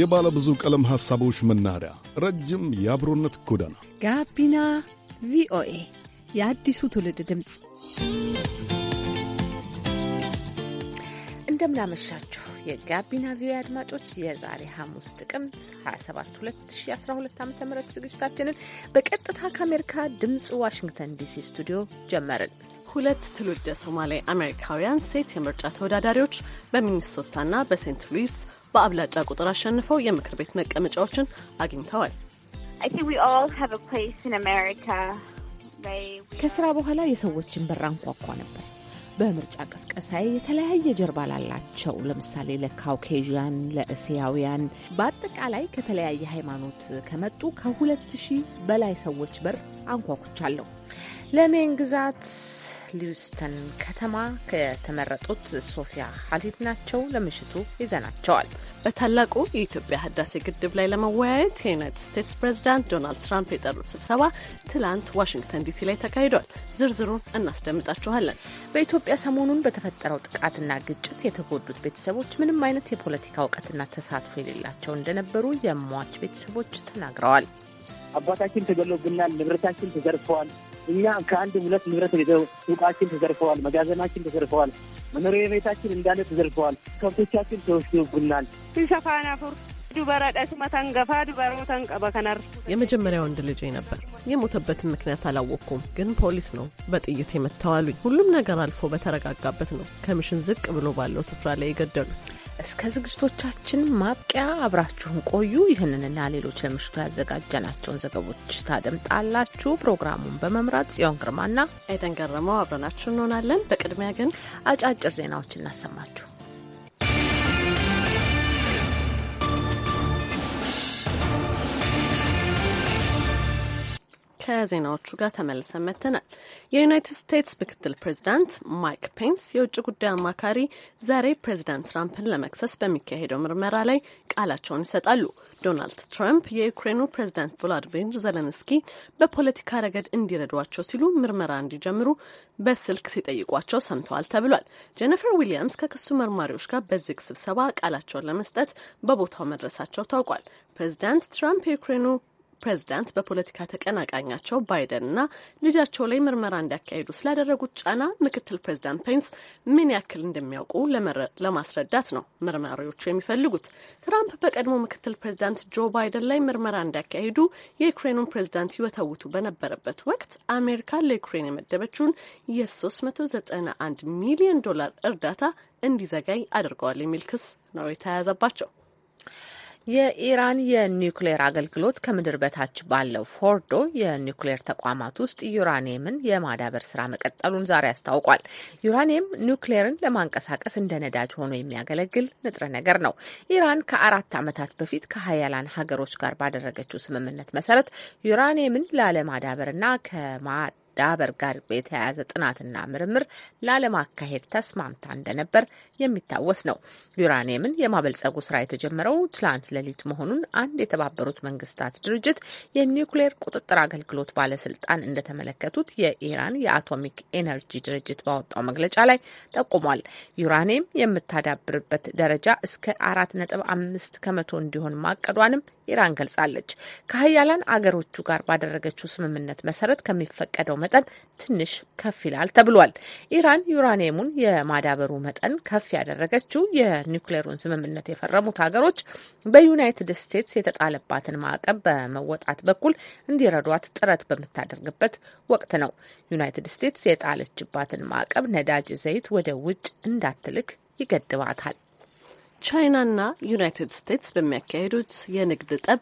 የባለ ብዙ ቀለም ሐሳቦች መናኸሪያ፣ ረጅም የአብሮነት ጎዳና ጋቢና ቪኦኤ የአዲሱ ትውልድ ድምፅ። እንደምናመሻችሁ የጋቢና ቪኦኤ አድማጮች የዛሬ ሐሙስ ጥቅምት 27 2012 ዓ ም ዝግጅታችንን በቀጥታ ከአሜሪካ ድምፅ ዋሽንግተን ዲሲ ስቱዲዮ ጀመርን። ሁለት ትውልደ ሶማሌ አሜሪካውያን ሴት የምርጫ ተወዳዳሪዎች በሚኒሶታና በሴንት ሉዊስ በአብላጫ ቁጥር አሸንፈው የምክር ቤት መቀመጫዎችን አግኝተዋል። ከስራ በኋላ የሰዎችን በር አንኳኳ ነበር። በምርጫ ቀስቀሳይ የተለያየ ጀርባ ላላቸው ለምሳሌ ለካውኬዥያን፣ ለእስያውያን በአጠቃላይ ከተለያየ ሃይማኖት ከመጡ ከሁለት ሺህ በላይ ሰዎች በር አንኳኩቻለሁ። ለሜን ግዛት ሊውስተን ከተማ ከተመረጡት ሶፊያ ሀሊድ ናቸው። ለምሽቱ ይዘናቸዋል። በታላቁ የኢትዮጵያ ህዳሴ ግድብ ላይ ለመወያየት የዩናይትድ ስቴትስ ፕሬዚዳንት ዶናልድ ትራምፕ የጠሩት ስብሰባ ትላንት ዋሽንግተን ዲሲ ላይ ተካሂዷል። ዝርዝሩን እናስደምጣችኋለን። በኢትዮጵያ ሰሞኑን በተፈጠረው ጥቃትና ግጭት የተጎዱት ቤተሰቦች ምንም አይነት የፖለቲካ እውቀትና ተሳትፎ የሌላቸው እንደነበሩ የሟች ቤተሰቦች ተናግረዋል። አባታችን ተገሎብናል፣ ንብረታችን ተዘርፈዋል እኛ ከአንድ ሁለት ንብረት ሄደው ሱቃችን ተዘርፈዋል፣ መጋዘናችን ተዘርፈዋል፣ መኖሪያ ቤታችን እንዳለ ተዘርፈዋል፣ ከብቶቻችን ተወስዶብናል። የመጀመሪያ ወንድ ልጄ ነበር። የሞተበትን ምክንያት አላወቅኩም፣ ግን ፖሊስ ነው በጥይት የመታው አሉኝ። ሁሉም ነገር አልፎ በተረጋጋበት ነው ከምሽን ዝቅ ብሎ ባለው ስፍራ ላይ የገደሉት። እስከ ዝግጅቶቻችን ማብቂያ አብራችሁን ቆዩ። ይህንንና ሌሎች ለምሽቱ ያዘጋጀናቸውን ዘገቦች ታደምጣላችሁ። ፕሮግራሙን በመምራት ጽዮን ግርማና አይደን ገረመው አብረናችሁ እንሆናለን። በቅድሚያ ግን አጫጭር ዜናዎች እናሰማችሁ። ከዜናዎቹ ጋር ተመልሰን መጥተናል። የዩናይትድ ስቴትስ ምክትል ፕሬዚዳንት ማይክ ፔንስ የውጭ ጉዳይ አማካሪ ዛሬ ፕሬዚዳንት ትራምፕን ለመክሰስ በሚካሄደው ምርመራ ላይ ቃላቸውን ይሰጣሉ። ዶናልድ ትራምፕ የዩክሬኑ ፕሬዚዳንት ቮሎዲሚር ዘለንስኪ በፖለቲካ ረገድ እንዲረዷቸው ሲሉ ምርመራ እንዲጀምሩ በስልክ ሲጠይቋቸው ሰምተዋል ተብሏል። ጄኒፈር ዊሊያምስ ከክሱ መርማሪዎች ጋር በዝግ ስብሰባ ቃላቸውን ለመስጠት በቦታው መድረሳቸው ታውቋል። ፕሬዚዳንት ትራምፕ የዩክሬኑ ፕሬዚዳንት በፖለቲካ ተቀናቃኛቸው ና ልጃቸው ላይ ምርመራ እንዲያካሂዱ ስላደረጉት ጫና ምክትል ፕሬዚዳንት ፔንስ ምን ያክል እንደሚያውቁ ለማስረዳት ነው መርማሪዎቹ የሚፈልጉት። ትራምፕ በቀድሞ ምክትል ፕሬዚዳንት ጆ ባይደን ላይ ምርመራ እንዲያካሂዱ የዩክሬኑን ፕሬዚዳንት ይወተውቱ በነበረበት ወቅት አሜሪካ ለዩክሬን የመደበችውን የ391 ሚሊዮን ዶላር እርዳታ እንዲዘጋይ አድርገዋል የሚል ክስ ነው የተያያዘባቸው። የኢራን የኒውክሌር አገልግሎት ከምድር በታች ባለው ፎርዶ የኒውክሌር ተቋማት ውስጥ ዩራኒየምን የማዳበር ስራ መቀጠሉን ዛሬ አስታውቋል። ዩራኒየም ኒውክሌርን ለማንቀሳቀስ እንደ ነዳጅ ሆኖ የሚያገለግል ንጥረ ነገር ነው። ኢራን ከአራት ዓመታት በፊት ከሀያላን ሀገሮች ጋር ባደረገችው ስምምነት መሰረት ዩራኒየምን ላለማዳበርና ከማ ዳበር ጋር የተያያዘ ጥናትና ምርምር ላለማካሄድ ተስማምታ እንደነበር የሚታወስ ነው። ዩራኒየምን የማበልጸጉ ስራ የተጀመረው ትላንት ሌሊት መሆኑን አንድ የተባበሩት መንግስታት ድርጅት የኒውክሌር ቁጥጥር አገልግሎት ባለስልጣን እንደተመለከቱት የኢራን የአቶሚክ ኤነርጂ ድርጅት ባወጣው መግለጫ ላይ ጠቁሟል። ዩራኒየም የምታዳብርበት ደረጃ እስከ አራት ነጥብ አምስት ከመቶ እንዲሆን ማቀዷንም ኢራን ገልጻለች። ከሀያላን አገሮቹ ጋር ባደረገችው ስምምነት መሰረት ከሚፈቀደው መጠን ትንሽ ከፍ ይላል ተብሏል። ኢራን ዩራኒየሙን የማዳበሩ መጠን ከፍ ያደረገችው የኒውክሌሩን ስምምነት የፈረሙት ሀገሮች በዩናይትድ ስቴትስ የተጣለባትን ማዕቀብ በመወጣት በኩል እንዲረዷት ጥረት በምታደርግበት ወቅት ነው። ዩናይትድ ስቴትስ የጣለችባትን ማዕቀብ ነዳጅ ዘይት ወደ ውጭ እንዳትልክ ይገድባታል። ቻይናና ዩናይትድ ስቴትስ በሚያካሄዱት የንግድ ጠብ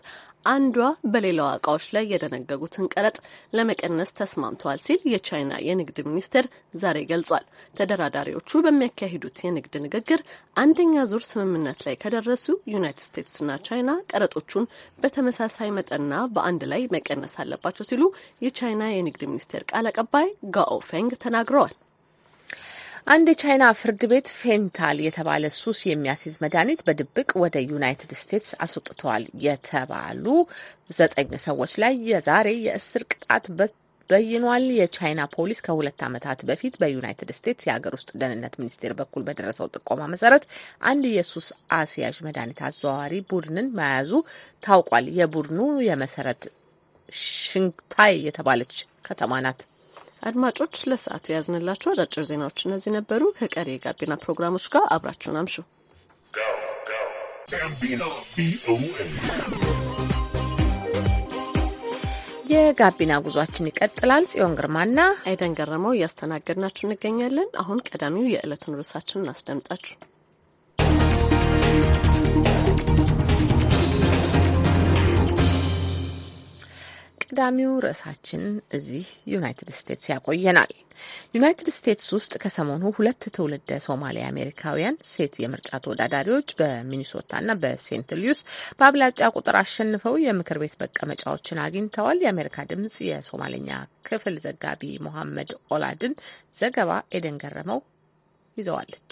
አንዷ በሌላዋ እቃዎች ላይ የደነገጉትን ቀረጥ ለመቀነስ ተስማምተዋል ሲል የቻይና የንግድ ሚኒስቴር ዛሬ ገልጿል። ተደራዳሪዎቹ በሚያካሂዱት የንግድ ንግግር አንደኛ ዙር ስምምነት ላይ ከደረሱ ዩናይትድ ስቴትስና ቻይና ቀረጦቹን በተመሳሳይ መጠንና በአንድ ላይ መቀነስ አለባቸው ሲሉ የቻይና የንግድ ሚኒስቴር ቃል አቀባይ ጋኦ ፌንግ ተናግረዋል። አንድ የቻይና ፍርድ ቤት ፌንታል የተባለ ሱስ የሚያስይዝ መድኃኒት በድብቅ ወደ ዩናይትድ ስቴትስ አስወጥተዋል የተባሉ ዘጠኝ ሰዎች ላይ የዛሬ የእስር ቅጣት በይኗል። የቻይና ፖሊስ ከሁለት ዓመታት በፊት በዩናይትድ ስቴትስ የሀገር ውስጥ ደህንነት ሚኒስቴር በኩል በደረሰው ጥቆማ መሰረት አንድ የሱስ አስያዥ መድኃኒት አዘዋዋሪ ቡድንን መያዙ ታውቋል። የቡድኑ የመሰረት ሽንግታይ የተባለች ከተማ ናት። አድማጮች ለሰዓቱ የያዝንላችሁ አጫጭር ዜናዎች እነዚህ ነበሩ። ከቀሪ የጋቢና ፕሮግራሞች ጋር አብራችሁን አምሹ። የጋቢና ጉዟችን ይቀጥላል። ጽዮን ግርማና አይደን ገረመው እያስተናገድናችሁ እንገኛለን። አሁን ቀዳሚው የዕለቱን ርዕሳችን እናስደምጣችሁ። ቀዳሚው ርዕሳችን እዚህ ዩናይትድ ስቴትስ ያቆየናል። ዩናይትድ ስቴትስ ውስጥ ከሰሞኑ ሁለት ትውልደ ሶማሌ አሜሪካውያን ሴት የምርጫ ተወዳዳሪዎች በሚኒሶታና በሴንት ሉዊስ በአብላጫ ቁጥር አሸንፈው የምክር ቤት መቀመጫዎችን አግኝተዋል። የአሜሪካ ድምጽ የሶማሌኛ ክፍል ዘጋቢ ሞሐመድ ኦላድን ዘገባ ኤደን ገረመው ይዘዋለች።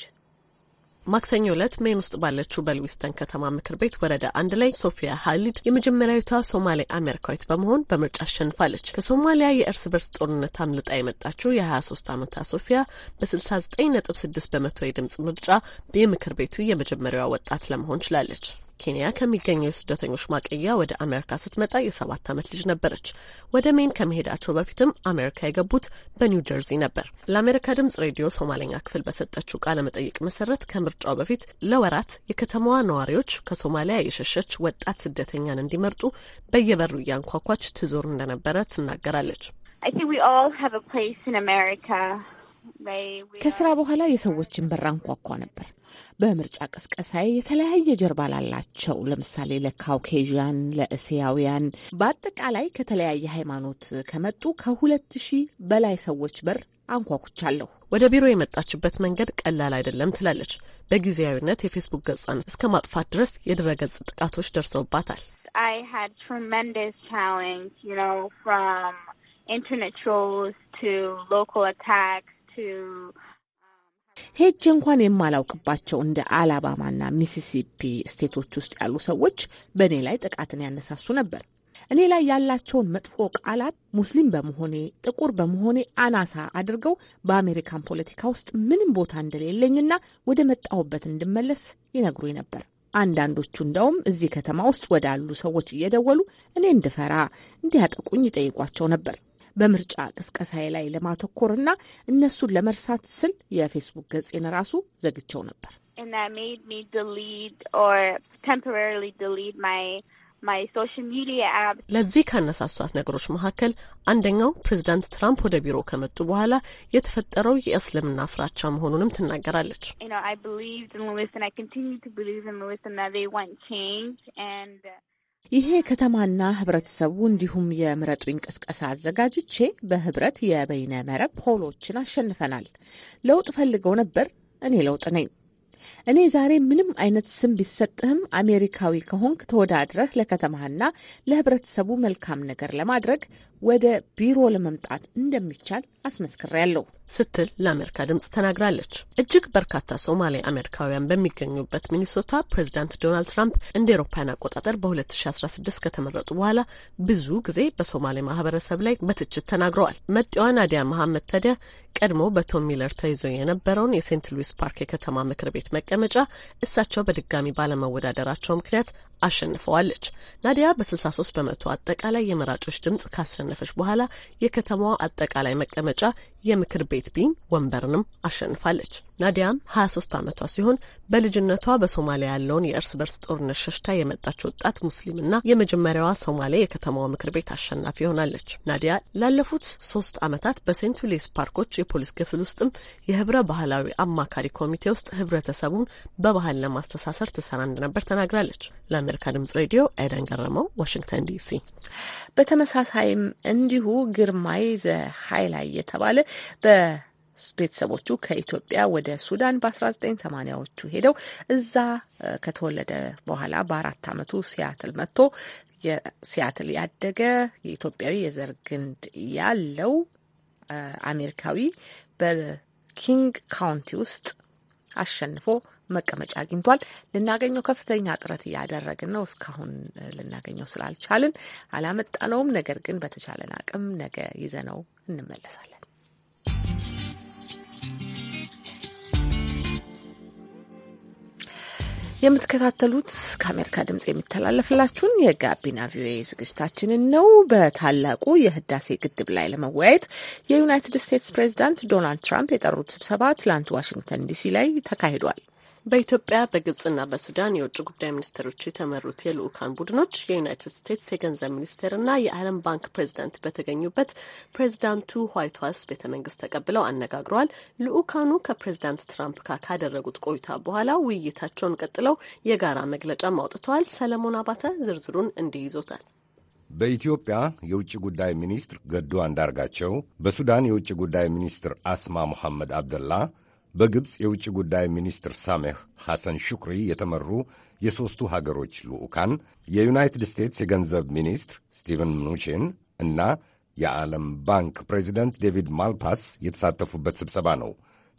ማክሰኞ ዕለት ሜን ውስጥ ባለችው በልዊስተን ከተማ ምክር ቤት ወረዳ አንድ ላይ ሶፊያ ሀሊድ የመጀመሪያዊቷ ሶማሌ አሜሪካዊት በመሆን በምርጫ አሸንፋለች። ከሶማሊያ የእርስ በርስ ጦርነት አምልጣ የመጣችው የ23 ዓመቷ ሶፊያ በ69.6 በመቶ የድምጽ ምርጫ የምክር ቤቱ የመጀመሪያዋ ወጣት ለመሆን ችላለች። ኬንያ ከሚገኘው የስደተኞች ማቀያ ወደ አሜሪካ ስትመጣ የሰባት ዓመት ልጅ ነበረች። ወደ ሜን ከመሄዳቸው በፊትም አሜሪካ የገቡት በኒው ጀርዚ ነበር። ለአሜሪካ ድምጽ ሬዲዮ ሶማለኛ ክፍል በሰጠችው ቃለ መጠይቅ መሰረት ከምርጫው በፊት ለወራት የከተማዋ ነዋሪዎች ከሶማሊያ የሸሸች ወጣት ስደተኛን እንዲመርጡ በየበሩ እያንኳኳች ትዞር እንደነበረ ትናገራለች። ከስራ በኋላ የሰዎችን በር አንኳኳ ነበር። በምርጫ ቅስቀሳዬ የተለያየ ጀርባ ላላቸው ለምሳሌ ለካውኬዥያን፣ ለእስያውያን በአጠቃላይ ከተለያየ ሃይማኖት ከመጡ ከሁለት ሺህ በላይ ሰዎች በር አንኳኩቻለሁ። ወደ ቢሮ የመጣችበት መንገድ ቀላል አይደለም ትላለች። በጊዜያዊነት የፌስቡክ ገጿን እስከ ማጥፋት ድረስ የድረገጽ ጥቃቶች ደርሰውባታል። ኢንተርኔት ትሮልስ ቱ ሎካል አታክስ Um, ሄጅ እንኳን የማላውቅባቸው እንደ አላባማና ሚሲሲፒ ስቴቶች ውስጥ ያሉ ሰዎች በእኔ ላይ ጥቃትን ያነሳሱ ነበር። እኔ ላይ ያላቸውን መጥፎ ቃላት ሙስሊም በመሆኔ ጥቁር በመሆኔ አናሳ አድርገው በአሜሪካን ፖለቲካ ውስጥ ምንም ቦታ እንደሌለኝና ወደ መጣሁበት እንድመለስ ይነግሩኝ ነበር። አንዳንዶቹ እንደውም እዚህ ከተማ ውስጥ ወዳሉ ሰዎች እየደወሉ እኔ እንድፈራ እንዲያጠቁኝ ይጠይቋቸው ነበር። በምርጫ ቅስቀሳዬ ላይ ለማተኮርና እነሱን ለመርሳት ስል የፌስቡክ ገጽን ራሱ ዘግቸው ነበር። ለዚህ ካነሳሷት ነገሮች መካከል አንደኛው ፕሬዚዳንት ትራምፕ ወደ ቢሮ ከመጡ በኋላ የተፈጠረው የእስልምና ፍራቻ መሆኑንም ትናገራለች። ይሄ ከተማና ህብረተሰቡ እንዲሁም የምረጡኝ ቅስቀሳ አዘጋጅቼ በህብረት የበይነ መረብ ፖሎችን አሸንፈናል። ለውጥ ፈልገው ነበር። እኔ ለውጥ ነኝ። እኔ ዛሬ ምንም አይነት ስም ቢሰጥህም አሜሪካዊ ከሆንክ ተወዳድረህ ለከተማህና ለህብረተሰቡ መልካም ነገር ለማድረግ ወደ ቢሮ ለመምጣት እንደሚቻል አስመስክሬያለሁ። ስትል ለአሜሪካ ድምጽ ተናግራለች። እጅግ በርካታ ሶማሌ አሜሪካውያን በሚገኙበት ሚኒሶታ ፕሬዚዳንት ዶናልድ ትራምፕ እንደ ኤሮፓያን አቆጣጠር በ2016 ከተመረጡ በኋላ ብዙ ጊዜ በሶማሌ ማህበረሰብ ላይ በትችት ተናግረዋል። መጤዋ ናዲያ መሐመድ ታዲያ ቀድሞ በቶም ሚለር ተይዞ የነበረውን የሴንት ሉዊስ ፓርክ የከተማ ምክር ቤት መቀመጫ እሳቸው በድጋሚ ባለመወዳደራቸው ምክንያት አሸንፈዋለች። ናዲያ በ63 በመቶ አጠቃላይ የመራጮች ድምፅ ካሸነፈች በኋላ የከተማዋ አጠቃላይ መቀመጫ የምክር ቤት ቢን ወንበርንም አሸንፋለች። ናዲያም 23 ዓመቷ ሲሆን በልጅነቷ በሶማሊያ ያለውን የእርስ በርስ ጦርነት ሸሽታ የመጣች ወጣት ሙስሊምና የመጀመሪያዋ ሶማሌ የከተማዋ ምክር ቤት አሸናፊ ሆናለች። ናዲያ ላለፉት ሶስት ዓመታት በሴንት ሉዊስ ፓርኮች የፖሊስ ክፍል ውስጥም የህብረ ባህላዊ አማካሪ ኮሚቴ ውስጥ ህብረተሰቡን በባህል ለማስተሳሰር ትሰራ እንደነበር ተናግራለች። ለአሜሪካ ድምጽ ሬዲዮ አይደን ገረመው፣ ዋሽንግተን ዲሲ። በተመሳሳይም እንዲሁ ግርማይ ዘ ሀይላይ የተባለ በ ቤተሰቦቹ ከኢትዮጵያ ወደ ሱዳን በ1980ዎቹ ሄደው እዛ ከተወለደ በኋላ በአራት ዓመቱ ሲያትል መጥቶ ሲያትል ያደገ የኢትዮጵያዊ የዘር ግንድ ያለው አሜሪካዊ በኪንግ ካውንቲ ውስጥ አሸንፎ መቀመጫ አግኝቷል። ልናገኘው ከፍተኛ ጥረት እያደረግን ነው። እስካሁን ልናገኘው ስላልቻልን አላመጣነውም። ነገር ግን በተቻለን አቅም ነገ ይዘነው እንመለሳለን። የምትከታተሉት ከአሜሪካ ድምጽ የሚተላለፍላችሁን የጋቢና ቪኦኤ ዝግጅታችንን ነው። በታላቁ የህዳሴ ግድብ ላይ ለመወያየት የዩናይትድ ስቴትስ ፕሬዚዳንት ዶናልድ ትራምፕ የጠሩት ስብሰባ ትላንት ዋሽንግተን ዲሲ ላይ ተካሂዷል። በኢትዮጵያ በግብጽና በሱዳን የውጭ ጉዳይ ሚኒስትሮች የተመሩት የልዑካን ቡድኖች የዩናይትድ ስቴትስ የገንዘብ ሚኒስቴርና የዓለም ባንክ ፕሬዚዳንት በተገኙበት ፕሬዚዳንቱ ዋይት ሀውስ ቤተ መንግስት ተቀብለው አነጋግረዋል። ልኡካኑ ከፕሬዚዳንት ትራምፕ ጋር ካደረጉት ቆይታ በኋላ ውይይታቸውን ቀጥለው የጋራ መግለጫም አውጥተዋል። ሰለሞን አባተ ዝርዝሩን እንዲህ ይዞታል። በኢትዮጵያ የውጭ ጉዳይ ሚኒስትር ገዱ አንዳርጋቸው፣ በሱዳን የውጭ ጉዳይ ሚኒስትር አስማ መሐመድ አብደላ በግብፅ የውጭ ጉዳይ ሚኒስትር ሳሜህ ሐሰን ሹክሪ የተመሩ የሦስቱ ሀገሮች ልዑካን የዩናይትድ ስቴትስ የገንዘብ ሚኒስትር ስቲቨን ምኑቺን እና የዓለም ባንክ ፕሬዚደንት ዴቪድ ማልፓስ የተሳተፉበት ስብሰባ ነው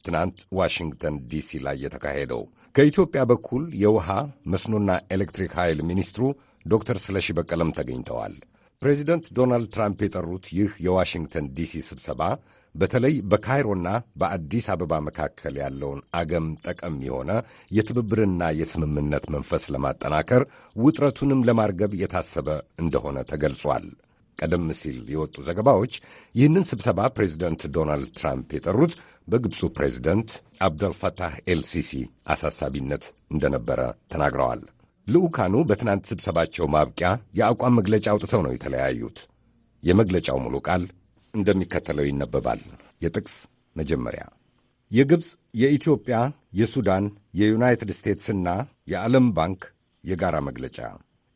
ትናንት ዋሽንግተን ዲሲ ላይ የተካሄደው። ከኢትዮጵያ በኩል የውሃ መስኖና ኤሌክትሪክ ኃይል ሚኒስትሩ ዶክተር ስለሺ በቀለም ተገኝተዋል። ፕሬዚደንት ዶናልድ ትራምፕ የጠሩት ይህ የዋሽንግተን ዲሲ ስብሰባ በተለይ በካይሮና በአዲስ አበባ መካከል ያለውን አገም ጠቀም የሆነ የትብብርና የስምምነት መንፈስ ለማጠናከር ውጥረቱንም ለማርገብ የታሰበ እንደሆነ ተገልጿል። ቀደም ሲል የወጡ ዘገባዎች ይህንን ስብሰባ ፕሬዚደንት ዶናልድ ትራምፕ የጠሩት በግብፁ ፕሬዚደንት አብደልፈታህ ኤልሲሲ አሳሳቢነት እንደነበረ ተናግረዋል። ልዑካኑ በትናንት ስብሰባቸው ማብቂያ የአቋም መግለጫ አውጥተው ነው የተለያዩት። የመግለጫው ሙሉ ቃል እንደሚከተለው ይነበባል። የጥቅስ መጀመሪያ የግብፅ የኢትዮጵያ፣ የሱዳን፣ የዩናይትድ ስቴትስና የዓለም ባንክ የጋራ መግለጫ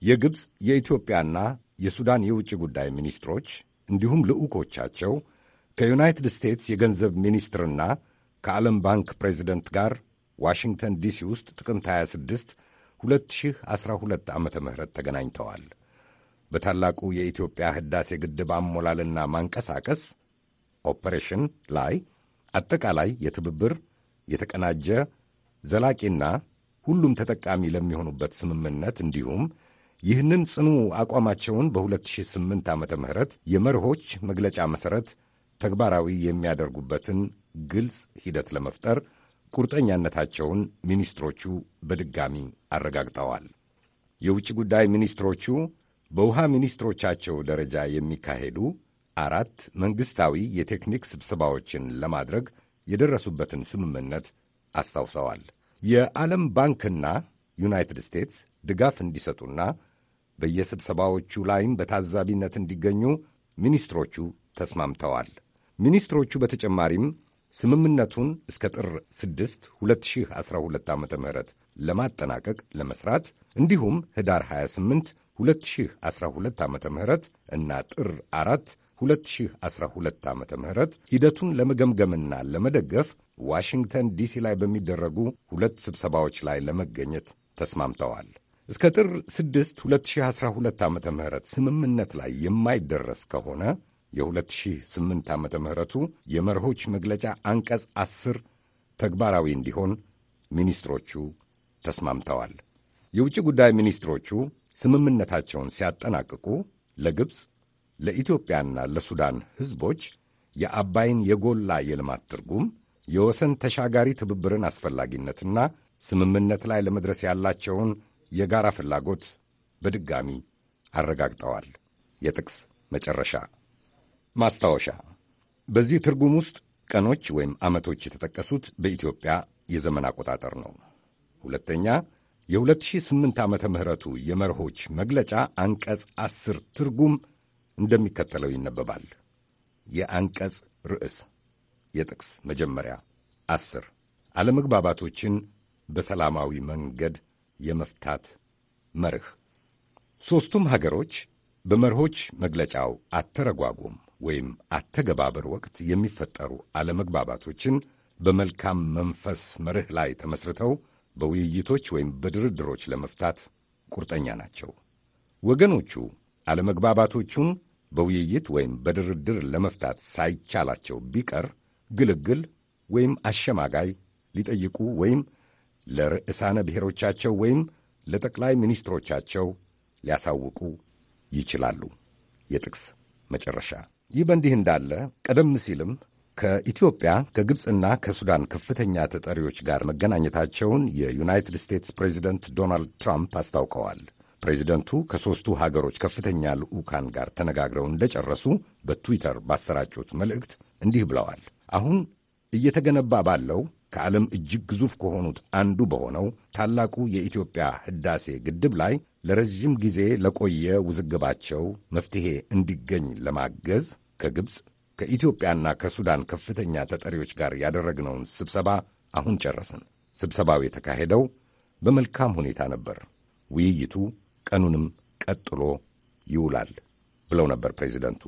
የግብፅ የኢትዮጵያና የሱዳን የውጭ ጉዳይ ሚኒስትሮች እንዲሁም ልዑኮቻቸው ከዩናይትድ ስቴትስ የገንዘብ ሚኒስትርና ከዓለም ባንክ ፕሬዚደንት ጋር ዋሽንግተን ዲሲ ውስጥ ጥቅምት 26 2012 ዓ ም ተገናኝተዋል። በታላቁ የኢትዮጵያ ህዳሴ ግድብ አሞላልና ማንቀሳቀስ ኦፐሬሽን ላይ አጠቃላይ የትብብር የተቀናጀ ዘላቂና ሁሉም ተጠቃሚ ለሚሆኑበት ስምምነት እንዲሁም ይህንን ጽኑ አቋማቸውን በ2008 ዓ ም የመርሆች መግለጫ መሠረት ተግባራዊ የሚያደርጉበትን ግልጽ ሂደት ለመፍጠር ቁርጠኛነታቸውን ሚኒስትሮቹ በድጋሚ አረጋግጠዋል። የውጭ ጉዳይ ሚኒስትሮቹ በውሃ ሚኒስትሮቻቸው ደረጃ የሚካሄዱ አራት መንግሥታዊ የቴክኒክ ስብሰባዎችን ለማድረግ የደረሱበትን ስምምነት አስታውሰዋል። የዓለም ባንክና ዩናይትድ ስቴትስ ድጋፍ እንዲሰጡና በየስብሰባዎቹ ላይም በታዛቢነት እንዲገኙ ሚኒስትሮቹ ተስማምተዋል። ሚኒስትሮቹ በተጨማሪም ስምምነቱን እስከ ጥር 6 2012 ዓ ም ለማጠናቀቅ ለመስራት እንዲሁም ህዳር 28 2012 ዓ ም እና ጥር 4 2012 ዓ ም ሂደቱን ለመገምገምና ለመደገፍ ዋሽንግተን ዲሲ ላይ በሚደረጉ ሁለት ስብሰባዎች ላይ ለመገኘት ተስማምተዋል። እስከ ጥር 6 2012 ዓ ም ስምምነት ላይ የማይደረስ ከሆነ የ2008 ዓ ምቱ የመርሆች መግለጫ አንቀጽ 10 ተግባራዊ እንዲሆን ሚኒስትሮቹ ተስማምተዋል። የውጭ ጉዳይ ሚኒስትሮቹ ስምምነታቸውን ሲያጠናቅቁ ለግብፅ ለኢትዮጵያና ለሱዳን ሕዝቦች የአባይን የጎላ የልማት ትርጉም፣ የወሰን ተሻጋሪ ትብብርን አስፈላጊነትና ስምምነት ላይ ለመድረስ ያላቸውን የጋራ ፍላጎት በድጋሚ አረጋግጠዋል። የጥቅስ መጨረሻ ማስታወሻ። በዚህ ትርጉም ውስጥ ቀኖች ወይም ዓመቶች የተጠቀሱት በኢትዮጵያ የዘመን አቆጣጠር ነው። ሁለተኛ የ2008 ዓመተ ምሕረቱ የመርሆች መግለጫ አንቀጽ ዐሥር ትርጉም እንደሚከተለው ይነበባል። የአንቀጽ ርዕስ የጥቅስ መጀመሪያ ዐሥር አለመግባባቶችን በሰላማዊ መንገድ የመፍታት መርህ ሦስቱም ሀገሮች በመርሆች መግለጫው አተረጓጎም ወይም አተገባበር ወቅት የሚፈጠሩ አለመግባባቶችን በመልካም መንፈስ መርህ ላይ ተመስርተው በውይይቶች ወይም በድርድሮች ለመፍታት ቁርጠኛ ናቸው። ወገኖቹ አለመግባባቶቹን በውይይት ወይም በድርድር ለመፍታት ሳይቻላቸው ቢቀር ግልግል ወይም አሸማጋይ ሊጠይቁ ወይም ለርዕሳነ ብሔሮቻቸው ወይም ለጠቅላይ ሚኒስትሮቻቸው ሊያሳውቁ ይችላሉ። የጥቅስ መጨረሻ። ይህ በእንዲህ እንዳለ ቀደም ሲልም ከኢትዮጵያ ከግብፅና ከሱዳን ከፍተኛ ተጠሪዎች ጋር መገናኘታቸውን የዩናይትድ ስቴትስ ፕሬዚደንት ዶናልድ ትራምፕ አስታውቀዋል። ፕሬዚደንቱ ከሦስቱ ሀገሮች ከፍተኛ ልዑካን ጋር ተነጋግረው እንደጨረሱ በትዊተር ባሰራጩት መልእክት እንዲህ ብለዋል። አሁን እየተገነባ ባለው ከዓለም እጅግ ግዙፍ ከሆኑት አንዱ በሆነው ታላቁ የኢትዮጵያ ሕዳሴ ግድብ ላይ ለረዥም ጊዜ ለቆየ ውዝግባቸው መፍትሔ እንዲገኝ ለማገዝ ከግብፅ ከኢትዮጵያና ከሱዳን ከፍተኛ ተጠሪዎች ጋር ያደረግነውን ስብሰባ አሁን ጨረስን። ስብሰባው የተካሄደው በመልካም ሁኔታ ነበር። ውይይቱ ቀኑንም ቀጥሎ ይውላል ብለው ነበር ፕሬዚደንቱ።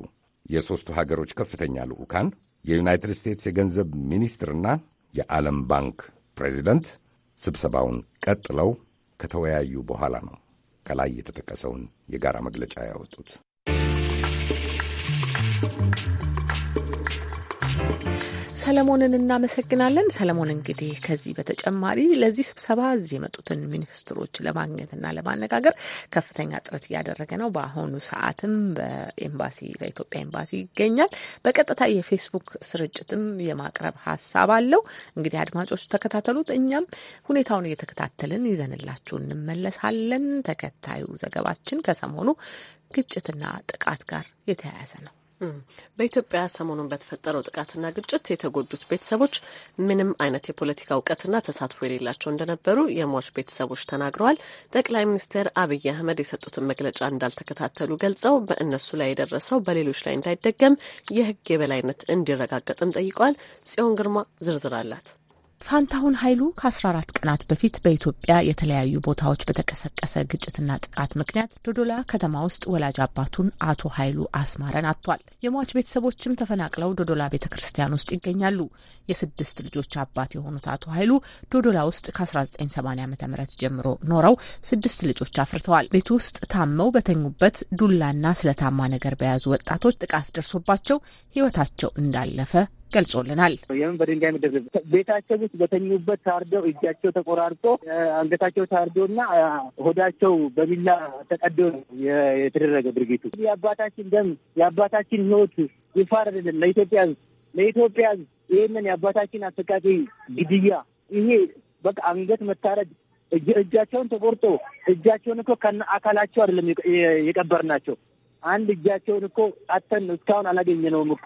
የሦስቱ ሀገሮች ከፍተኛ ልዑካን፣ የዩናይትድ ስቴትስ የገንዘብ ሚኒስትርና የዓለም ባንክ ፕሬዚደንት ስብሰባውን ቀጥለው ከተወያዩ በኋላ ነው ከላይ የተጠቀሰውን የጋራ መግለጫ ያወጡት። ሰለሞንን እናመሰግናለን። ሰለሞን እንግዲህ ከዚህ በተጨማሪ ለዚህ ስብሰባ እዚህ የመጡትን ሚኒስትሮች ለማግኘትና ለማነጋገር ከፍተኛ ጥረት እያደረገ ነው። በአሁኑ ሰዓትም በኤምባሲ በኢትዮጵያ ኤምባሲ ይገኛል። በቀጥታ የፌስቡክ ስርጭትም የማቅረብ ሀሳብ አለው። እንግዲህ አድማጮች ተከታተሉት። እኛም ሁኔታውን እየተከታተልን ይዘንላችሁ እንመለሳለን። ተከታዩ ዘገባችን ከሰሞኑ ግጭትና ጥቃት ጋር የተያያዘ ነው። በኢትዮጵያ ሰሞኑን በተፈጠረው ጥቃትና ግጭት የተጎዱት ቤተሰቦች ምንም አይነት የፖለቲካ እውቀትና ተሳትፎ የሌላቸው እንደነበሩ የሟች ቤተሰቦች ተናግረዋል። ጠቅላይ ሚኒስትር አብይ አህመድ የሰጡትን መግለጫ እንዳልተከታተሉ ገልጸው በእነሱ ላይ የደረሰው በሌሎች ላይ እንዳይደገም የሕግ የበላይነት እንዲረጋገጥም ጠይቀዋል። ጽዮን ግርማ ዝርዝር አላት። ፋንታሁን ኃይሉ ከ14 ቀናት በፊት በኢትዮጵያ የተለያዩ ቦታዎች በተቀሰቀሰ ግጭትና ጥቃት ምክንያት ዶዶላ ከተማ ውስጥ ወላጅ አባቱን አቶ ኃይሉ አስማረን አጥቷል። የሟች ቤተሰቦችም ተፈናቅለው ዶዶላ ቤተ ክርስቲያን ውስጥ ይገኛሉ። የስድስት ልጆች አባት የሆኑት አቶ ኃይሉ ዶዶላ ውስጥ ከ1980 ዓ ም ጀምሮ ኖረው ስድስት ልጆች አፍርተዋል። ቤት ውስጥ ታመው በተኙበት ዱላና ስለታማ ነገር በያዙ ወጣቶች ጥቃት ደርሶባቸው ህይወታቸው እንዳለፈ ገልጾልናል። የምን በድንጋይ ምድር ቤታቸው ውስጥ በተኙበት ታርደው እጃቸው ተቆራርጦ አንገታቸው ታርዶና ሆዳቸው በቢላ ተቀዶ የተደረገ ድርጊቱ። የአባታችን ደም የአባታችን ሕይወት ይፋር አይደለም ለኢትዮጵያ ለኢትዮጵያ ይህንን የአባታችን አሰቃቂ ግድያ ይሄ በቃ አንገት መታረድ እጃቸውን ተቆርጦ እጃቸውን እኮ ከነ አካላቸው አይደለም የቀበር ናቸው። አንድ እጃቸውን እኮ አተን እስካሁን አላገኘነውም እኮ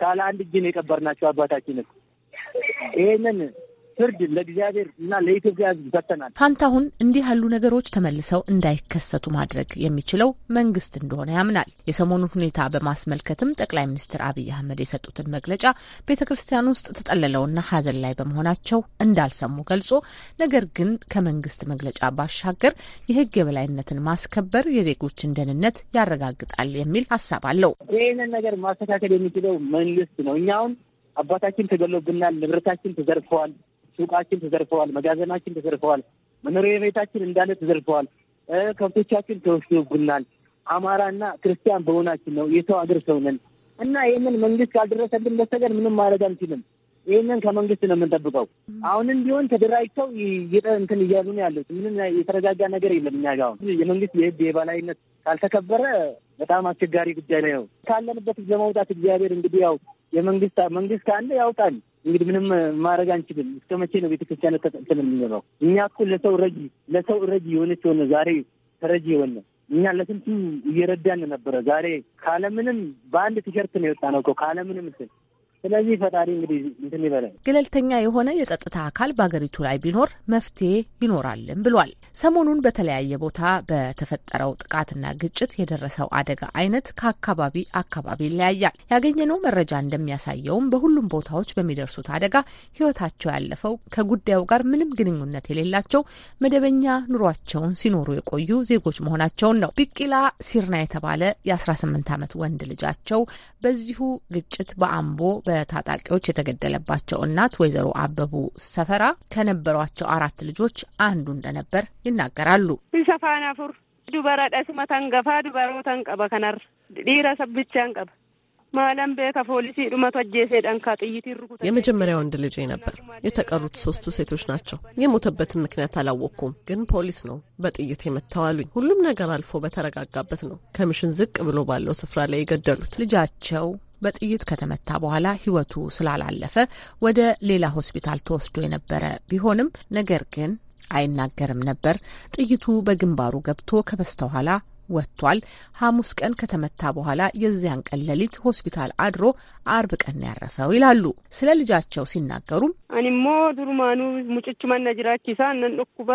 ካለ አንድ እጅ ነው የቀበርናቸው አባታችንን ይህንን ፍርድ ለእግዚአብሔር እና ለኢትዮጵያ ሕዝብ ሰጥተናል። ፋንታሁን እንዲህ ያሉ ነገሮች ተመልሰው እንዳይከሰቱ ማድረግ የሚችለው መንግስት እንደሆነ ያምናል። የሰሞኑን ሁኔታ በማስመልከትም ጠቅላይ ሚኒስትር አብይ አህመድ የሰጡትን መግለጫ ቤተ ክርስቲያን ውስጥ ተጠልለውና ሀዘን ላይ በመሆናቸው እንዳልሰሙ ገልጾ ነገር ግን ከመንግስት መግለጫ ባሻገር የህግ የበላይነትን ማስከበር የዜጎችን ደህንነት ያረጋግጣል የሚል ሀሳብ አለው። ይህንን ነገር ማስተካከል የሚችለው መንግስት ነው። እኛውን አባታችን ተገሎብናል፣ ንብረታችን ተዘርፈዋል፣ ሱቃችን ተዘርፈዋል፣ መጋዘናችን ተዘርፈዋል፣ መኖሪያ ቤታችን እንዳለ ተዘርፈዋል፣ ከብቶቻችን ተወስዶብናል። አማራና ክርስቲያን በሆናችን ነው የሰው አገር ሰው ነን እና ይህንን መንግስት ካልደረሰልን በስተቀር ምንም ማድረግ አንችልም። ይህንን ከመንግስት ነው የምንጠብቀው። አሁንም ቢሆን ተደራጅተው እንትን እያሉ ነው ያሉት። ምንም የተረጋጋ ነገር የለም። እኛ ጋ አሁን የመንግስት የህግ የበላይነት ካልተከበረ በጣም አስቸጋሪ ጉዳይ ነው ካለንበት ለመውጣት እግዚአብሔር እንግዲህ ያው የመንግስት መንግስት ካለ ያውጣል። እንግዲህ ምንም ማድረግ አንችልም። እስከ መቼ ነው ቤተክርስቲያን ተጠቅተን የምንኖረው? እኛ እኮ ለሰው ረጂ ለሰው ረጂ የሆነች የሆነ ዛሬ ተረጂ የሆነ እኛ ለስንቱ እየረዳን ነበረ። ዛሬ ካለምንም በአንድ ቲሸርት ነው የወጣ ነው እኮ ካለምንም ስል ስለዚህ ፈጣሪ እንግዲህ እንትን ይበለን። ገለልተኛ የሆነ የጸጥታ አካል በሀገሪቱ ላይ ቢኖር መፍትሄ ይኖራልም ብሏል። ሰሞኑን በተለያየ ቦታ በተፈጠረው ጥቃትና ግጭት የደረሰው አደጋ አይነት ከአካባቢ አካባቢ ይለያያል። ያገኘነው መረጃ እንደሚያሳየውም በሁሉም ቦታዎች በሚደርሱት አደጋ ሕይወታቸው ያለፈው ከጉዳዩ ጋር ምንም ግንኙነት የሌላቸው መደበኛ ኑሯቸውን ሲኖሩ የቆዩ ዜጎች መሆናቸውን ነው። ቢቂላ ሲርና የተባለ የ18 ዓመት ወንድ ልጃቸው በዚሁ ግጭት በአምቦ በታጣቂዎች የተገደለባቸው እናት ወይዘሮ አበቡ ሰፈራ ከነበሯቸው አራት ልጆች አንዱ እንደነበር ይናገራሉ። ሰፋናፉር ፉር ዱበራ ደስመ ተንገፋ ዱበሮ ተንቀበ ከነር ዲራ ሰብቻ እንቀበ ማለም ቤተ ፖሊሲ ዱመቶ ጄሴ ደንካ ጥይት ይርኩ የመጀመሪያ ወንድ ልጄ ነበር። የተቀሩት ሶስቱ ሴቶች ናቸው። የሞተበትን ምክንያት አላወቅኩም፣ ግን ፖሊስ ነው በጥይት የመታው አሉኝ። ሁሉም ነገር አልፎ በተረጋጋበት ነው ከምሽን ዝቅ ብሎ ባለው ስፍራ ላይ የገደሉት ልጃቸው በጥይት ከተመታ በኋላ ሕይወቱ ስላላለፈ ወደ ሌላ ሆስፒታል ተወስዶ የነበረ ቢሆንም ነገር ግን አይናገርም ነበር። ጥይቱ በግንባሩ ገብቶ ከበስተኋላ ወጥቷል። ሐሙስ ቀን ከተመታ በኋላ የዚያን ቀን ሌሊት ሆስፒታል አድሮ አርብ ቀን ያረፈው ይላሉ። ስለ ልጃቸው ሲናገሩም አኒሞ ዱርማኑ ሙጭቹ እነን ኩባ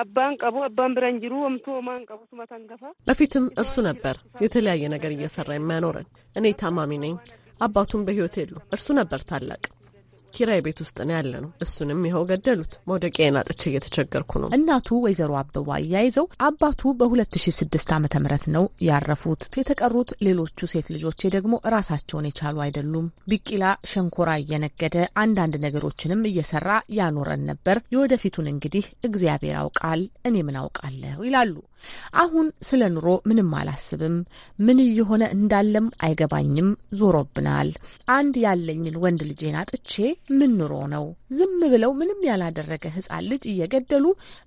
አባን ቀቡ አባን ብረንጅሩ ወምቶ ማን ቀቡ ሱመታን በፊትም እርሱ ነበር የተለያየ ነገር እየሰራ የሚያኖረን። እኔ ታማሚ ነኝ፣ አባቱም በህይወት የሉ። እርሱ ነበር ታላቅ ኪራይ ቤት ውስጥ ነው ያለ ነው። እሱንም ይኸው ገደሉት። መውደቂያዬን አጥቼ እየተቸገርኩ ነው። እናቱ ወይዘሮ አበባ አያይዘው አባቱ በ2006 ዓ ም ነው ያረፉት። የተቀሩት ሌሎቹ ሴት ልጆቼ ደግሞ ራሳቸውን የቻሉ አይደሉም። ቢቂላ ሸንኮራ እየነገደ አንዳንድ ነገሮችንም እየሰራ ያኖረን ነበር። የወደፊቱን እንግዲህ እግዚአብሔር አውቃል እኔ ምን አውቃለሁ ይላሉ አሁን ስለ ኑሮ ምንም አላስብም። ምን እየሆነ እንዳለም አይገባኝም። ዞሮብናል። አንድ ያለኝን ወንድ ልጄን አጥቼ ምን ኑሮ ነው? ዝም ብለው ምንም ያላደረገ ሕጻን ልጅ እየገደሉ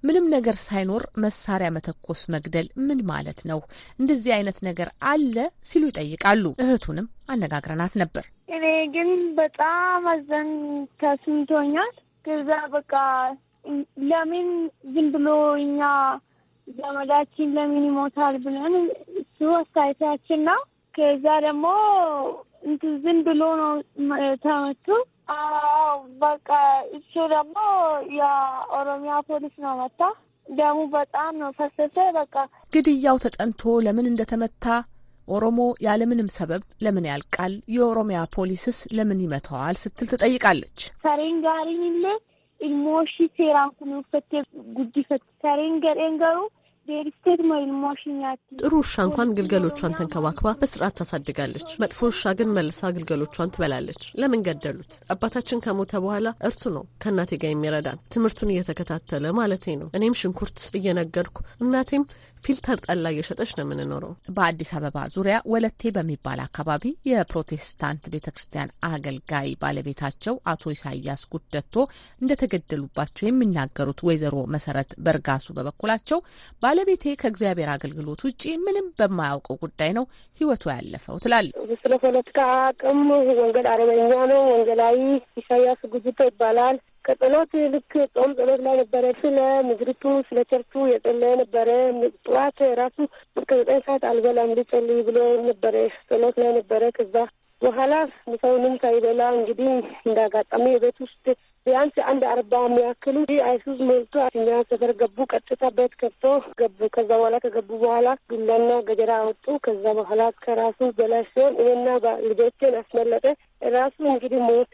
ምንም ነገር ሳይኖር መሳሪያ መተኮስ መግደል ምን ማለት ነው? እንደዚህ አይነት ነገር አለ ሲሉ ይጠይቃሉ። እህቱንም አነጋግረናት ነበር። እኔ ግን በጣም አዘን ተስምቶኛል። ከዛ በቃ ለምን ዝም ብሎ እኛ ዘመዳችን ለምን ይሞታል ብለን እሱ አስተያየታችን ነው። ከዛ ደግሞ እንት ዝም ብሎ ነው ተመቱ። አዎ በቃ እሱ ደግሞ የኦሮሚያ ፖሊስ ነው መታ። ደሙ በጣም ነው ፈሰሰ። በቃ ግድያው ተጠንቶ ለምን እንደተመታ ኦሮሞ ያለምንም ሰበብ ለምን ያልቃል? የኦሮሚያ ፖሊስስ ለምን ይመተዋል? ስትል ትጠይቃለች። ሰሬን ጋሪን ኢልሞሺ ሴራን ጉዲ ጉዲፈት ሰሬን ገሬን ገሩ ጥሩ ውሻ እንኳን ግልገሎቿን ተንከባክባ በስርዓት ታሳድጋለች። መጥፎ ውሻ ግን መልሳ ግልገሎቿን ትበላለች። ለምን ገደሉት? አባታችን ከሞተ በኋላ እርሱ ነው ከእናቴ ጋር የሚረዳን ትምህርቱን እየተከታተለ ማለቴ ነው። እኔም ሽንኩርት እየነገርኩ እናቴም ፊልተር ጠላ እየሸጠች ነው የምንኖረው። በአዲስ አበባ ዙሪያ ወለቴ በሚባል አካባቢ የፕሮቴስታንት ቤተ ክርስቲያን አገልጋይ ባለቤታቸው አቶ ኢሳያስ ጉደቶ እንደተገደሉባቸው የሚናገሩት ወይዘሮ መሰረት በርጋሱ በበኩላቸው ባለቤቴ ከእግዚአብሔር አገልግሎት ውጭ ምንም በማያውቀው ጉዳይ ነው ህይወቱ ያለፈው ትላለ። ስለ ፖለቲካ አቅም ወንገል አረበኛ ነው። ወንገላዊ ኢሳያስ ጉድቶ ይባላል። ከጸሎት ልክ ጾም ጸሎት ላይ ነበረ። ስለ ምድሪቱ ስለ ቸርቹ የጸለየ ነበረ። ጠዋት ራሱ እስከ ዘጠኝ ሰዓት አልበላም ልጸልይ ብሎ ነበረ። ጸሎት ላይ ነበረ። ከዛ በኋላ ምሳውንም ሳይበላ እንግዲህ እንዳጋጣሚ የቤት ውስጥ ቢያንስ አንድ አርባ የሚያክሉ አይሱዝ ሞልቶ እኛ ሰፈር ገቡ። ቀጥታ ቤት ከፍቶ ገቡ። ከዛ በኋላ ከገቡ በኋላ ዱላና ገጀራ አወጡ። ከዛ በኋላ ከራሱ በላይ ሲሆን እኔና ልጆቼን አስመለጠ። ራሱ እንግዲህ ሞት።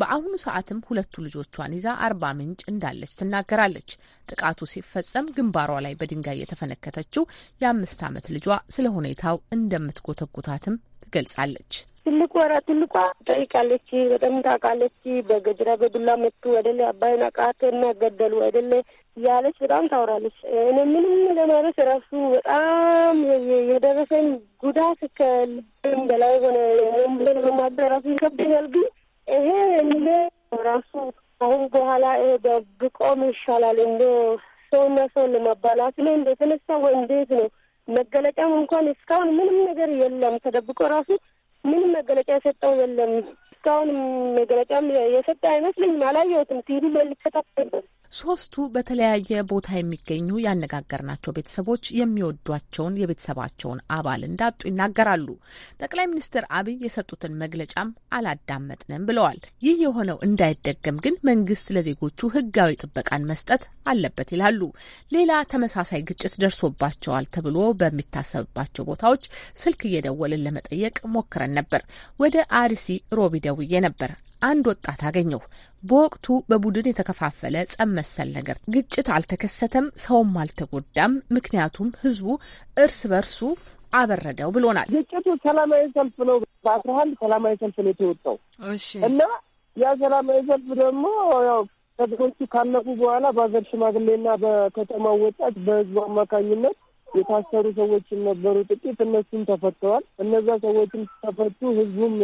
በአሁኑ ሰዓትም ሁለቱ ልጆቿን ይዛ አርባ ምንጭ እንዳለች ትናገራለች። ጥቃቱ ሲፈጸም ግንባሯ ላይ በድንጋይ የተፈነከተችው የአምስት ዓመት ልጇ ስለ ሁኔታው እንደምትጎተጉታትም ትገልጻለች። ትልቁ ወራ ትልቋ ጠይቃለች። በጣም ታውቃለች። በገጀራ በዱላ መቱ አይደለ አባይን አቃተና ገደሉ አይደለ ያለች በጣም ታውራለች። እኔ ምንም ለማለት ራሱ በጣም የደረሰኝ ጉዳት ከልብም በላይ ሆነ ለማደ ራሱ ይከብደኛል። ግን ይሄ እንደ ራሱ አሁን በኋላ ይሄ በብቆም ይሻላል እንደ ሰውና ሰውን ለማባላት ነው እንደ ተነሳ ወይ እንዴት ነው መገለጫም እንኳን እስካሁን ምንም ነገር የለም። ተደብቆ ራሱ ምንም መገለጫ የሰጠው የለም። እስካሁን መገለጫም የሰጠ አይመስልኝም። አላየሁትም። ቲቪ ላይ ልከታተል ሶስቱ በተለያየ ቦታ የሚገኙ ያነጋገርናቸው ቤተሰቦች የሚወዷቸውን የቤተሰባቸውን አባል እንዳጡ ይናገራሉ። ጠቅላይ ሚኒስትር አብይ የሰጡትን መግለጫም አላዳመጥንም ብለዋል። ይህ የሆነው እንዳይደገም ግን መንግስት ለዜጎቹ ህጋዊ ጥበቃን መስጠት አለበት ይላሉ። ሌላ ተመሳሳይ ግጭት ደርሶባቸዋል ተብሎ በሚታሰብባቸው ቦታዎች ስልክ እየደወልን ለመጠየቅ ሞክረን ነበር። ወደ አርሲ ሮቢ ደውዬ ነበር። አንድ ወጣት አገኘሁ። በወቅቱ በቡድን የተከፋፈለ ጸብ መሰል ነገር፣ ግጭት አልተከሰተም፣ ሰውም አልተጎዳም። ምክንያቱም ህዝቡ እርስ በርሱ አበረደው ብሎናል። ግጭቱ ሰላማዊ ሰልፍ ነው። በአስራ አንድ ሰላማዊ ሰልፍ ነው የተወጣው እና ያ ሰላማዊ ሰልፍ ደግሞ ያው ነገሮቹ ካለፉ በኋላ በሀገር ሽማግሌና በከተማው ወጣት በህዝቡ አማካኝነት የታሰሩ ሰዎችን ነበሩ። ጥቂት እነሱም ተፈተዋል። እነዛ ሰዎችም ተፈቱ። ህዝቡም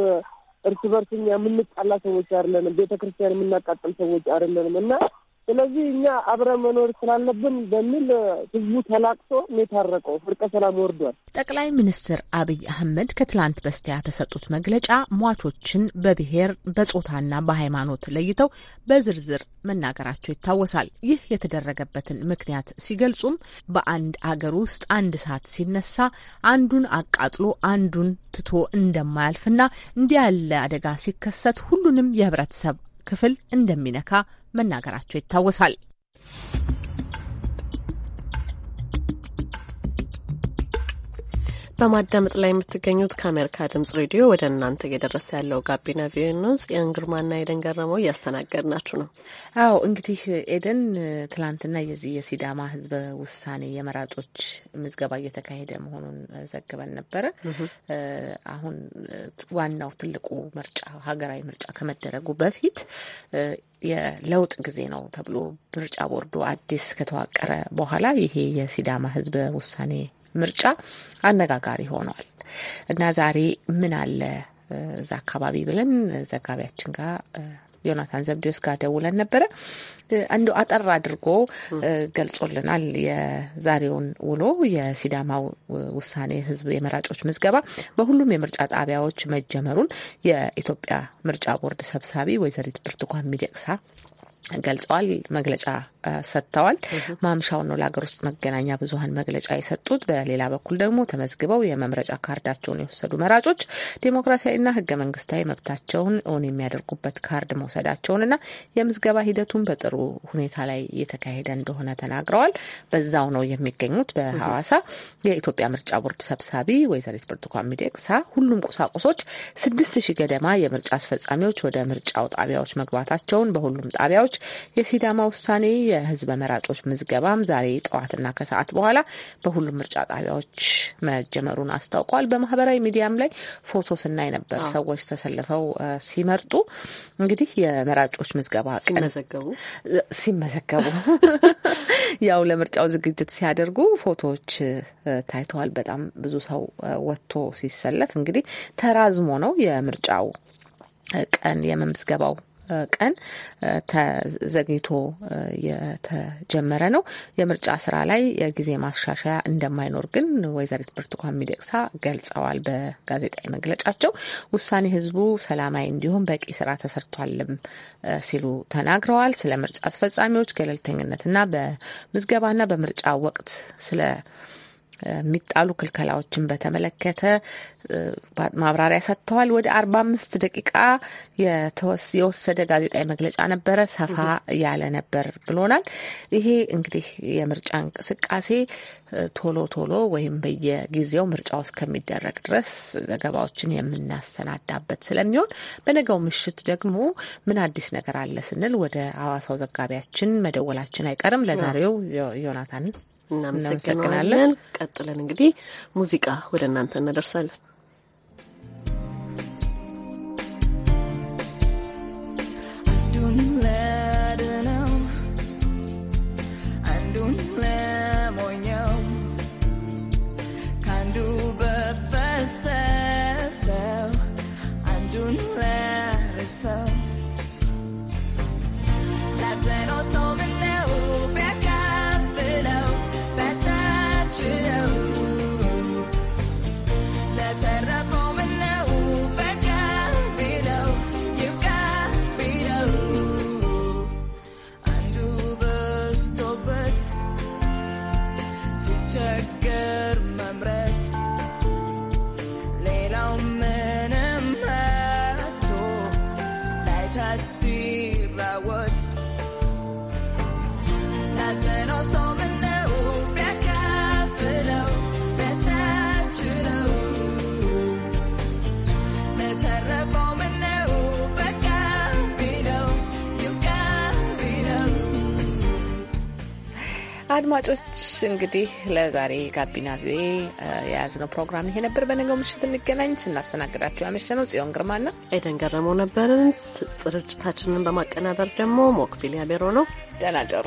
እርስ በርስ እኛ የምንጣላ ሰዎች አይደለንም። ቤተ ክርስቲያን የምናቃጥል ሰዎች አይደለንም እና ስለዚህ እኛ አብረ መኖር ስላለብን በሚል ህዝቡ ተላቅሶ የታረቀው እርቀ ሰላም ወርዷል። ጠቅላይ ሚኒስትር አብይ አህመድ ከትላንት በስቲያ በሰጡት መግለጫ ሟቾችን በብሔር በጾታና በሃይማኖት ለይተው በዝርዝር መናገራቸው ይታወሳል። ይህ የተደረገበትን ምክንያት ሲገልጹም በአንድ አገር ውስጥ አንድ እሳት ሲነሳ አንዱን አቃጥሎ አንዱን ትቶ እንደማያልፍና እንዲህ ያለ አደጋ ሲከሰት ሁሉንም የህብረተሰብ ክፍል እንደሚነካ መናገራቸው ይታወሳል። በማዳመጥ ላይ የምትገኙት ከአሜሪካ ድምጽ ሬዲዮ ወደ እናንተ እየደረሰ ያለው ጋቢና ቪኦኤ ነው። ጽዮን ግርማና ኤደን ገረመው እያስተናገድ ናችሁ ነው። አዎ እንግዲህ ኤደን፣ ትላንትና የዚህ የሲዳማ ህዝበ ውሳኔ የመራጮች ምዝገባ እየተካሄደ መሆኑን ዘግበን ነበረ። አሁን ዋናው ትልቁ ምርጫ ሀገራዊ ምርጫ ከመደረጉ በፊት የለውጥ ጊዜ ነው ተብሎ ምርጫ ቦርዱ አዲስ ከተዋቀረ በኋላ ይሄ የሲዳማ ህዝበ ውሳኔ ምርጫ አነጋጋሪ ሆኗል እና ዛሬ ምን አለ እዛ አካባቢ ብለን ዘጋቢያችን ጋር ዮናታን ዘብዴዎስ ጋር ደውለን ነበረ። አንዱ አጠር አድርጎ ገልጾልናል። የዛሬውን ውሎ የሲዳማው ውሳኔ ህዝብ የመራጮች ምዝገባ በሁሉም የምርጫ ጣቢያዎች መጀመሩን የኢትዮጵያ ምርጫ ቦርድ ሰብሳቢ ወይዘሪት ብርቱካን ሚደቅሳ ገልጸዋል። መግለጫ ሰጥተዋል። ማምሻውን ነው ለሀገር ውስጥ መገናኛ ብዙኃን መግለጫ የሰጡት። በሌላ በኩል ደግሞ ተመዝግበው የመምረጫ ካርዳቸውን የወሰዱ መራጮች ዴሞክራሲያዊና ሕገ መንግስታዊ መብታቸውን እውን የሚያደርጉበት ካርድ መውሰዳቸውንና የምዝገባ ሂደቱን በጥሩ ሁኔታ ላይ እየተካሄደ እንደሆነ ተናግረዋል። በዛው ነው የሚገኙት። በሐዋሳ የኢትዮጵያ ምርጫ ቦርድ ሰብሳቢ ወይዘሪት ብርቱካን ሚደቅሳ ሁሉም ቁሳቁሶች ስድስት ሺህ ገደማ የምርጫ አስፈጻሚዎች ወደ ምርጫው ጣቢያዎች መግባታቸውን በሁሉም ጣቢያ ወረዳዎች። የሲዳማ ውሳኔ የህዝበ መራጮች ምዝገባም ዛሬ ጠዋትና ከሰዓት በኋላ በሁሉም ምርጫ ጣቢያዎች መጀመሩን አስታውቋል። በማህበራዊ ሚዲያም ላይ ፎቶ ስናይ ነበር ሰዎች ተሰልፈው ሲመርጡ እንግዲህ የመራጮች ምዝገባ ሲመዘገቡ ያው ለምርጫው ዝግጅት ሲያደርጉ ፎቶዎች ታይተዋል። በጣም ብዙ ሰው ወጥቶ ሲሰለፍ እንግዲህ ተራዝሞ ነው የምርጫው ቀን የመምዝገባው ቀን ተዘግይቶ የተጀመረ ነው። የምርጫ ስራ ላይ የጊዜ ማሻሻያ እንደማይኖር ግን ወይዘሪት ብርቱካን ሚደቅሳ ገልጸዋል። በጋዜጣዊ መግለጫቸው ውሳኔ ህዝቡ ሰላማዊ እንዲሁም በቂ ስራ ተሰርቷልም ሲሉ ተናግረዋል። ስለ ምርጫ አስፈጻሚዎች ገለልተኝነትና በምዝገባና በምርጫ ወቅት ስለ የሚጣሉ ክልከላዎችን በተመለከተ ማብራሪያ ሰጥተዋል። ወደ አርባ አምስት ደቂቃ የወሰደ ጋዜጣዊ መግለጫ ነበረ፣ ሰፋ ያለ ነበር ብሎናል። ይሄ እንግዲህ የምርጫ እንቅስቃሴ ቶሎ ቶሎ ወይም በየጊዜው ምርጫው እስከሚደረግ ድረስ ዘገባዎችን የምናሰናዳበት ስለሚሆን በነገው ምሽት ደግሞ ምን አዲስ ነገር አለ ስንል ወደ ሐዋሳው ዘጋቢያችን መደወላችን አይቀርም። ለዛሬው ዮናታን እናመሰግናለን። ቀጥለን እንግዲህ ሙዚቃ ወደ እናንተ እናደርሳለን። አድማጮች እንግዲህ ለዛሬ ጋቢና ቪኦኤ የያዝነው ፕሮግራም ይሄ ነበር። በነገው ምሽት እንገናኝ። ስናስተናግዳችሁ ያመሸ ነው ጽዮን ግርማና ኤደን ገረመው ነበርን። ስርጭታችንን በማቀናበር ደግሞ ሞክቢል ያቤሮ ነው። ደህና ደሩ።